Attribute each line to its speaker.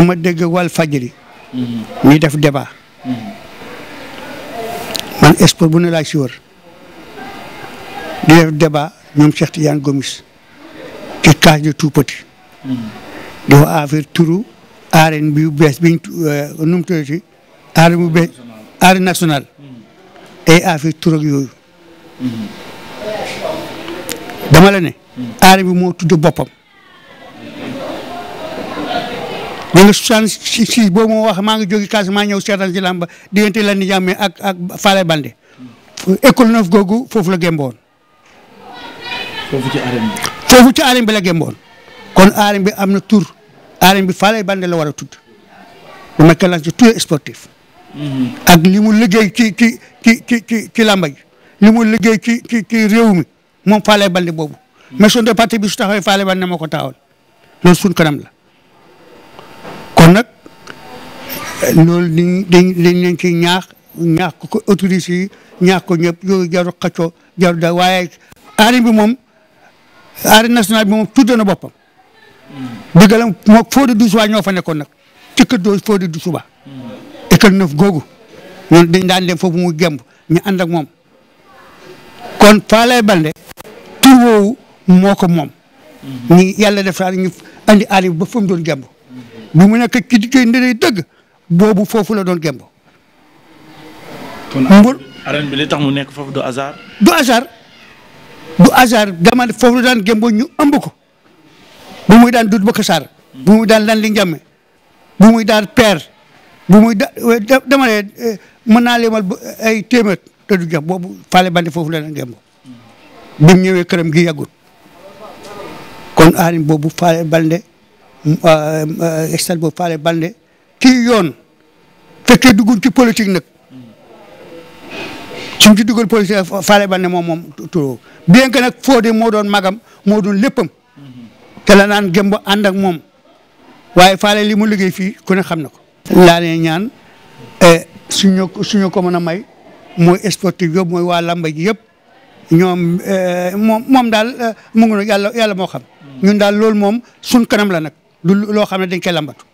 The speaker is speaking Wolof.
Speaker 1: dama dégg wal fajri ñuy def débat man espoir bu ne laaj si wër di def débat ñoom Cheikh Tidiane Gomis ci case de tout di wax affaire turu arène bi bees biñ euh, nu mu tuddee ci arène bu yooyu dama ne arène bi moo tudd boppam ñu ngi 66 boobu moo wax maa ngi jóge Casamance ñëw seetaan ci làmba diggante la ni jàmme ak ak Fale Bande école neuf googu foofu la gémboon. foofu ci arène bi. foofu ci arène bi la gémboon kon arène bi am na tur arène bi Fale Bande la war a tudd dama kalaan ci tous sportif. Mm-hmm. ak li mu ki ci ki ki ci ci ci làmba ji li mu liggéey ci ci ci réew mi moom Fale Bande boobu. Mm-hmm. mais suñu parti bi su taxawee Fale Bande moo ko taawal loolu suñ kanam la. loolu dañuy dañ dañ leen ci ñaax ñaax ko autorisé ñaax ko ñëpp yooyu jaru xaccoo jaru da waaye bi moom arène nationale bi moom tudd na boppam. dëgg la moom Fodé Doussouba ñoo fa nekkoon nag ci kër doo Fodé Doussouba. école neuf googu ñun dañ daan dem foofu mu gemb ñu ànd ak moom kon Falaye Baldé tur woowu moo ko moom. ñu mm-hmm. yàlla def saa ñu andi arène ba fa mu doon gemb. bu mu nekk ki diggante dëgg. boobu foofu la doon gemb. kon arène bi li tax mu nekk foofu du hasard. du hasard du hasard dama foofu la daan gembo ñu ëmb ko bu muy daan dut bëkk saar bu muy daan lan li bu muy daan peer bu muy da euh, dama ne euh, naa lemal ay téeméer te du jam boobu faale bandi foofu la daan gembo bi mu ñëwee këram gi yàggut kon aarine boobu faale bande euh, stade boobu faale bande ci yoon fekkee duggul ci politique nag suñ ci dugal politique faale ba ne moom moom turoo bien que nag Fodé moo doon magam moo doon léppam te la naan gëm ba ànd ak moom waaye faale li mu liggéey fii ku ne xam na ko. laa ne ñaan eh, suñu suñu ko mën a may mooy sportif yëpp mooy waa lamba ji yëpp ñoom eh, moom moom daal eh, mu ngi yàlla yàlla moo xam ñun daal loolu moom suñ kanam la nag du loo xam ne dañ koy lambatu.